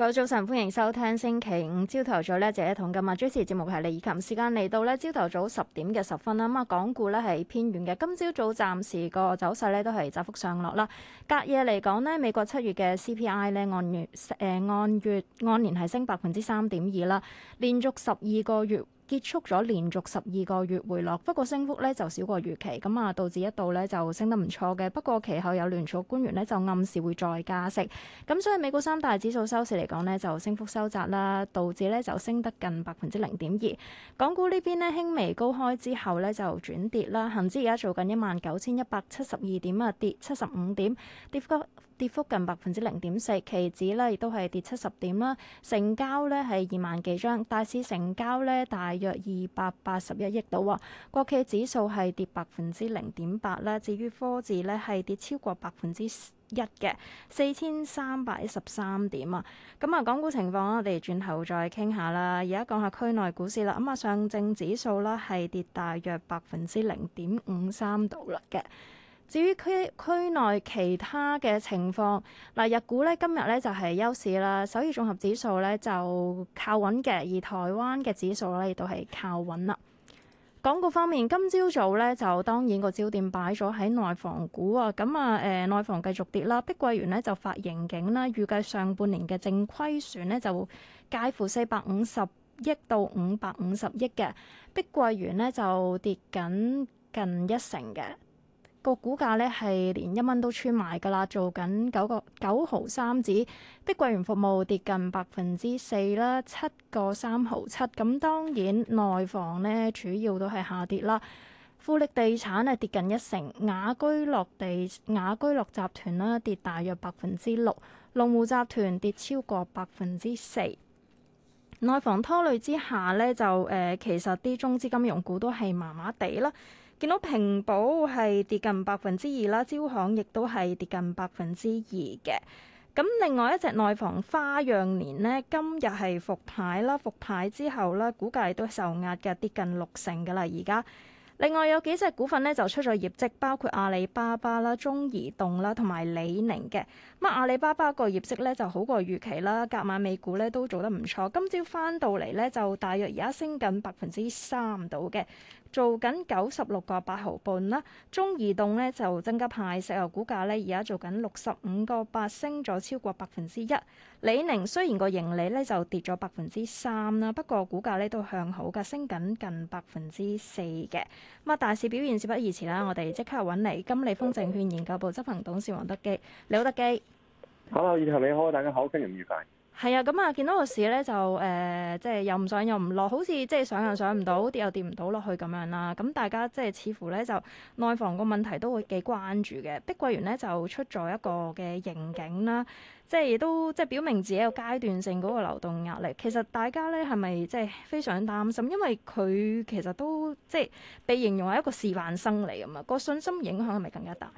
各位早晨，歡迎收聽星期五朝頭早咧，這一桶金啊！主持節目係李以琴時間，時間嚟到咧，朝頭早十點嘅十分啦。咁啊，港股咧係偏軟嘅，今朝早暫時個走勢咧都係窄幅上落啦。隔夜嚟講咧，美國七月嘅 CPI 咧按月誒、呃、按月按年係升百分之三點二啦，連續十二個月。結束咗連續十二個月回落，不過升幅咧就少過預期，咁啊，道指一度咧就升得唔錯嘅，不過其後有聯儲官員咧就暗示會再加息，咁所以美股三大指數收市嚟講咧就升幅收窄啦，道指咧就升得近百分之零點二，港股呢邊呢輕微高開之後咧就轉跌啦，恒指而家做緊一萬九千一百七十二點啊，跌七十五點，跌個。跌幅近百分之零點四，期指咧亦都係跌七十點啦，成交咧係二萬幾張，大市成交咧大約二百八十一億到啊。國企指數係跌百分之零點八咧，至於科指咧係跌超過百分之一嘅四千三百一十三點啊。咁、嗯、啊，港股情況咧，我哋轉頭再傾下啦。而家講下區內股市啦，咁、嗯、啊，上證指數咧係跌大約百分之零點五三到嘞嘅。至於區區內其他嘅情況，嗱，日股咧今日咧就係、是、休市啦。首爾綜合指數咧就靠穩嘅，而台灣嘅指數咧亦都係靠穩啦。港股方面，今朝早咧就當然個焦點擺咗喺內房股啊。咁啊誒，內房繼續跌啦。碧桂園咧就發盈警啦，預計上半年嘅淨虧損咧就介乎四百五十億到五百五十億嘅。碧桂園咧就跌緊近，近一成嘅。個股價咧係連一蚊都穿埋㗎啦，做緊九個九毫三指，碧桂園服務跌近百分之四啦，七個三毫七。咁當然內房咧主要都係下跌啦，富力地產啊跌近一成，雅居樂地雅居樂集團啦跌大約百分之六，龍湖集團跌超過百分之四。內房拖累之下咧，就誒、呃、其實啲中資金融股都係麻麻地啦。見到平保係跌近百分之二啦，招行亦都係跌近百分之二嘅。咁另外一隻內房花樣年呢，今日係復牌啦，復牌之後呢，估計都受壓嘅，跌近六成㗎啦。而家另外有幾隻股份呢，就出咗業績，包括阿里巴巴啦、中移動啦同埋李寧嘅。咁阿里巴巴個業績呢，就好過預期啦，隔晚美股呢，都做得唔錯，今朝翻到嚟呢，就大約而家升緊百分之三到嘅。做緊九十六個八毫半啦，中移動咧就增加派石油股價咧，而家做緊六十五個八，升咗超過百分之一。李寧雖然個盈利咧就跌咗百分之三啦，不過股價咧都向好嘅，升緊近百分之四嘅。咁啊，大市表現事不宜遲啦。我哋即刻揾嚟金利豐證券研究部執行董事黃德幾，你好，德幾。Hello，頭你好，大家好，今日愉快。係啊，咁啊見到個市咧就誒、呃，即係又唔上又唔落，好似即係上又上唔到，跌又跌唔到落去咁樣啦。咁大家即係似乎咧就內房個問題都會幾關注嘅。碧桂園咧就出咗一個嘅盈警啦，即係亦都即係表明自己有個階段性嗰個流動壓力。其實大家咧係咪即係非常擔心？因為佢其實都即係被形容係一個示範生嚟㗎嘛。個信心影響係咪更加大？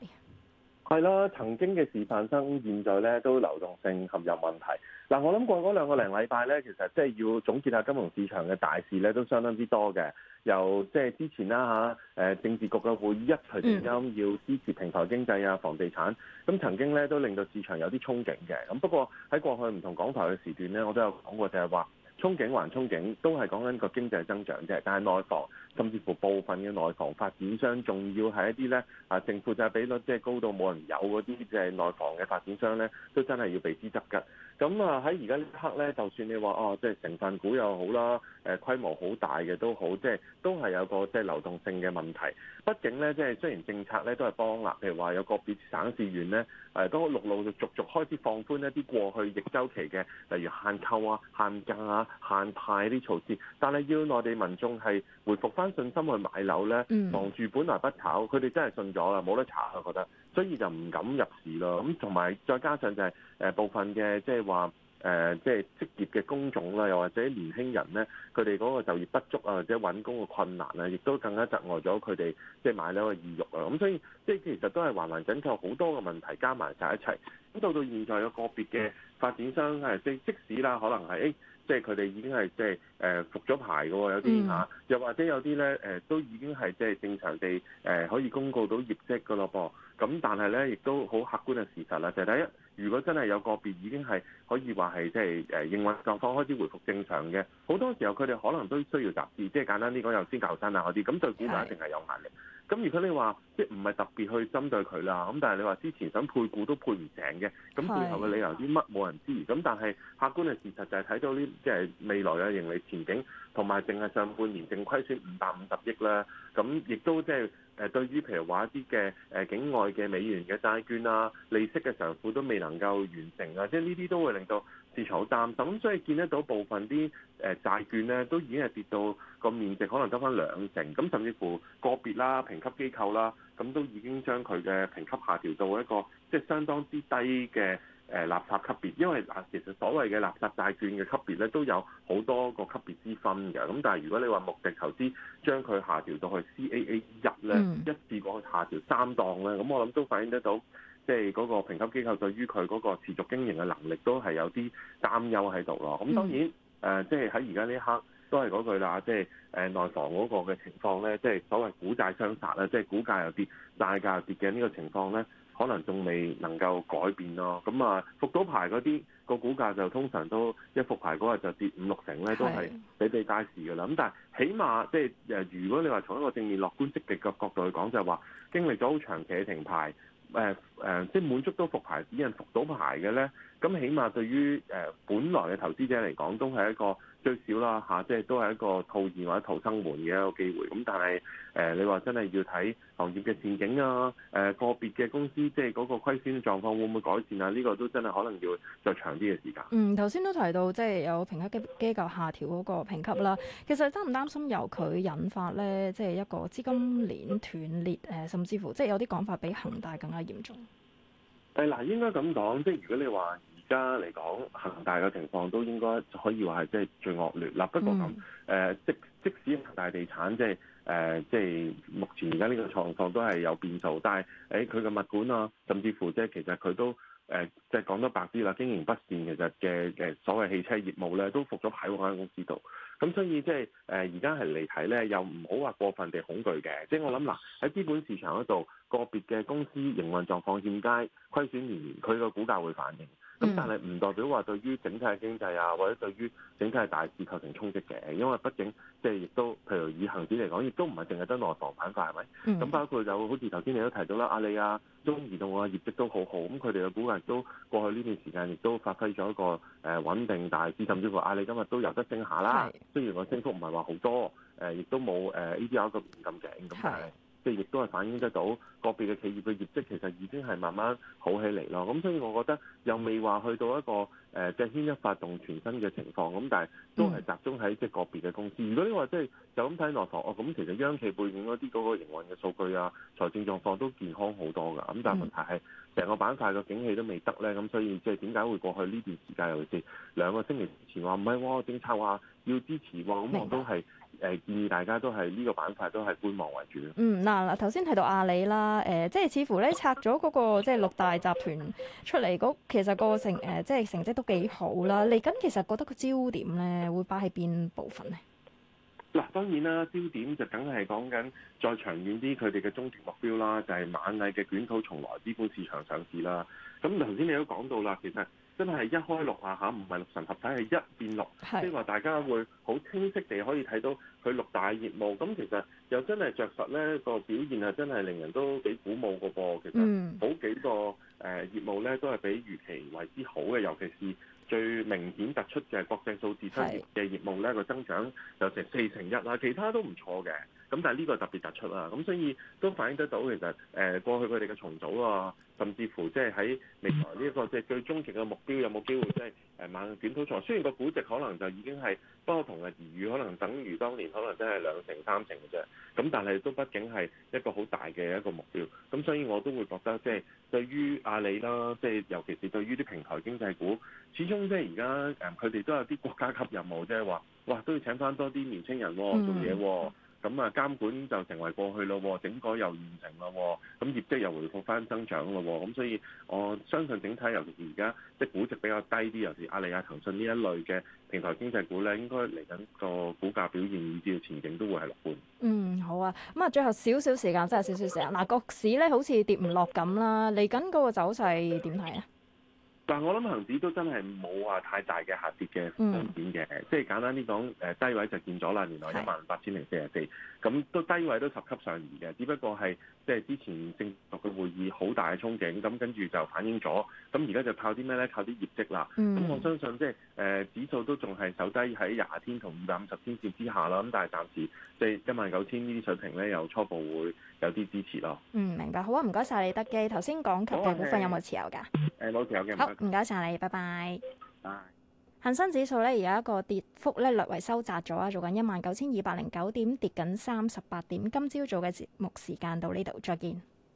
係啦，曾經嘅示範生，現在咧都流動性陷入問題。嗱、啊，我諗過嗰兩個零禮拜咧，其實即係要總結下金融市場嘅大事咧，都相當之多嘅。由即係、就是、之前啦嚇，誒、啊、政治局嘅會議一錘定音要支持平台經濟啊、房地產，咁曾經咧都令到市場有啲憧憬嘅。咁不過喺過去唔同港台嘅時段咧，我都有講過、就是，就係話。憧憬還憧憬，都係講緊個經濟增長啫。但係內房，甚至乎部分嘅內房發展商，仲要係一啲咧啊，淨負債比率即係高到冇人有嗰啲，即係內房嘅發展商咧，都真係要被之執㗎。咁啊喺而家呢刻咧，就算你話哦，即係成份股又好啦，誒規模好大嘅都好，即係都係有個即係流動性嘅問題。畢竟咧，即係雖然政策咧都係幫啦，譬如話有個別省市縣咧誒都陸陸續續開始放寬一啲過去逆周期嘅，例如限購啊、限價啊、限貸啲措施，但係要內地民眾係回復翻信心去買樓咧，嗯、房住本來不炒，佢哋真係信咗啦，冇得查我覺得。所以就唔敢入市咯，咁同埋再加上就係誒部分嘅即係話誒即係職業嘅工種啦，又或者年輕人咧，佢哋嗰個就業不足啊，或者揾工嘅困難啊，亦都更加窒礙咗佢哋即係買樓嘅意欲啊，咁所以即係其實都係環環緊扣，好多嘅問題加埋晒一齊。咁到到現在有個別嘅發展商係即即使啦，可能係。即係佢哋已經係即係誒復咗牌㗎喎，有啲嚇，嗯、又或者有啲咧誒都已經係即係正常地誒可以公告到業績㗎咯噃。咁但係咧，亦都好客觀嘅事實啦。就第一，如果真係有個別已經係可以話係即係誒營運狀況開始回復正常嘅，好多時候佢哋可能都需要集資，即係簡單啲講又先救身啊嗰啲。咁對股價一定係有壓力。咁如果你話即係唔係特別去針對佢啦，咁但係你話之前想配股都配唔成嘅，咁背後嘅理由啲乜冇人知。咁但係客觀嘅事實就係睇到呢，即係未來嘅盈利前景同埋淨係上半年淨虧損五百五十億啦。咁亦都即係誒對於譬如話一啲嘅誒境外嘅美元嘅債券啊，利息嘅償付都未能夠完成啊，即係呢啲都會令到。市場好擔心，咁所以見得到部分啲誒債券咧，都已經係跌到個面值可能得翻兩成，咁甚至乎個別啦、評級機構啦，咁都已經將佢嘅評級下調到一個即係相當之低嘅誒垃圾級別。因為啊，其實所謂嘅垃圾債券嘅級別咧，都有好多個級別之分嘅。咁但係如果你話穆迪投資將佢下調到去 Caa 一條三檔咧，咁我諗都反映得到，即係嗰個評級機構對於佢嗰個持續經營嘅能力都係有啲擔憂喺度咯。咁當然，誒、嗯，即係喺而家呢刻都係嗰句啦，即係誒內房嗰個嘅情況咧，即係所謂股債雙殺啦，即係股價又跌，債價又跌嘅呢個情況咧。可能仲未能夠改變咯，咁啊復到牌嗰啲個股價就通常都一復牌嗰日就跌五六成咧，都係你哋帶市㗎啦。咁的但係起碼即係誒，如果你話從一個正面樂觀積極嘅角度去講，就係話、是、經歷咗好長期嘅停牌誒誒、呃，即係滿足到復牌指引復到牌嘅咧，咁起碼對於誒、呃、本來嘅投資者嚟講，都係一個。最少啦吓，即、啊、係、就是、都係一個套現或者逃生門嘅一個機會，咁但係，誒、呃，你話真係要睇行業嘅前景啊，誒、呃，個別嘅公司即係嗰個虧損狀況會唔會改善啊？呢、這個都真係可能要再長啲嘅時間。嗯，頭先都提到即係、就是、有評級機機機構下調嗰個評級啦。其實擔唔擔心由佢引發咧，即、就、係、是、一個資金鏈斷裂誒、呃，甚至乎即係有啲講法比恒大更加嚴重。係嗱、嗯，應該咁講，即、就、係、是、如果你話。而家嚟講，恒大嘅情況都應該可以話係即係最惡劣啦。不過咁誒、嗯呃，即即使恒大地產即係誒，即係目前而家呢個狀況都係有變數。但係誒，佢、欸、嘅物管啊，甚至乎即係其實佢都誒、呃，即係講得白啲啦，經營不善其實嘅嘅所謂汽車業務咧，都服咗喺嗰間公司度。咁所以即係誒，而家係嚟睇咧，又唔好話過分地恐懼嘅。即係我諗嗱，喺、呃、資本市場嗰度。個別嘅公司營運狀況欠佳、虧損而佢個股價會反應，咁、嗯、但係唔代表話對於整體經濟啊或者對於整體大市構成衝擊嘅，因為畢竟即係亦都，譬如以恒指嚟講，亦都唔係淨係得內房板塊，係咪？咁、嗯、包括就好似頭先你都提到啦，阿里啊、中移動啊業績都好好，咁佢哋嘅股價都過去呢段時間亦都發揮咗一個誒穩定大市，甚至乎阿里今日都有得升下啦，雖然個升幅唔係話好多，誒亦都冇誒 ADR 個咁勁咁嘅。即係亦都係反映得到個別嘅企業嘅業績，其實已經係慢慢好起嚟咯。咁所以我覺得又未話去到一個誒隻牽一發動全身嘅情況，咁但係都係集中喺即係個別嘅公司。嗯、如果你話即係就咁睇內房，哦咁其實央企背景嗰啲嗰個營運嘅數據啊、財政狀況都健康好多㗎。咁但係問題係成個板塊嘅景氣都未得咧。咁所以即係點解會過去呢段時間，尤其是兩個星期前，我話唔係喎，政策話要支持喎、哦，咁我都係。誒、呃、建議大家都係呢個板塊都係觀望為主。嗯，嗱、啊、嗱，頭先提到阿里啦，誒、呃，即係似乎咧拆咗嗰、那個即係六大集團出嚟嗰，其實個成誒、呃、即係成績都幾好啦。嚟緊其實覺得個焦點咧會擺喺邊部分咧？嗱，當然啦，焦點就梗係講緊再長遠啲佢哋嘅終極目標啦，就係螞蟻嘅捲土重來資本市場上市啦。咁頭先你都講到啦，其實。 真係一開六啊嚇，唔係六神合體，係一變六，即係話大家會好清晰地可以睇到佢六大業務。咁其實又真係着實咧個表現係真係令人都幾鼓舞個噃。其實好幾個誒業務咧都係比預期為之好嘅，尤其是最明顯突出嘅國際數字出嘅業務咧個增長有成四成一啦，其他都唔錯嘅。咁但係呢個特別突出啦、啊，咁所以都反映得到其實誒過去佢哋嘅重組啊，甚至乎即係喺未來呢一個即係最終極嘅目標有冇機會即係誒買捲土重來？雖然個估值可能就已經係不可同日而語，可能等於當年可能真係兩成三成嘅啫。咁但係都畢竟係一個好大嘅一個目標。咁所以我都會覺得即係對於阿里啦，即、就、係、是、尤其是對於啲平台經濟股，始終即係而家誒佢哋都有啲國家級任務，即係話哇都要請翻多啲年輕人、啊、嗯嗯做嘢、啊。咁啊，監管就成為過去咯，整改又完成咯，咁業績又回復翻增長咯，咁所以我相信整體，尤其是而家即係估值比較低啲，尤其是阿里啊、騰訊呢一類嘅平台經濟股咧，應該嚟緊個股價表現以至前景都會係樂觀。嗯，好啊，咁啊，最後少少時間真係少少時間，嗱、那個市咧好似跌唔落咁啦，嚟緊嗰個走勢點睇啊？但我諗恆指都真係冇話太大嘅下跌嘅風險嘅，嗯、即係簡單啲講，誒低位就見咗啦，原來一萬八千零四十四，咁都低位都十級上移嘅，只不過係。即係之前政局嘅會議好大嘅憧憬，咁跟住就反映咗，咁而家就靠啲咩咧？靠啲業績啦。咁、嗯、我相信即係誒指數都仲係走低喺廿天同五百五十天線之下啦。咁但係暫時即係一萬九千呢啲水平咧，又初步會有啲支持咯。嗯，明白，好啊，唔該晒你，德幾。頭先講及嘅股份有冇持有㗎？誒、okay. 呃，冇持有嘅。好，唔該晒你，拜拜。好。恒生指數咧，而家一個跌幅咧，略為收窄咗啊，做緊一萬九千二百零九點，跌緊三十八點。今朝早嘅節目時間到呢度，再見。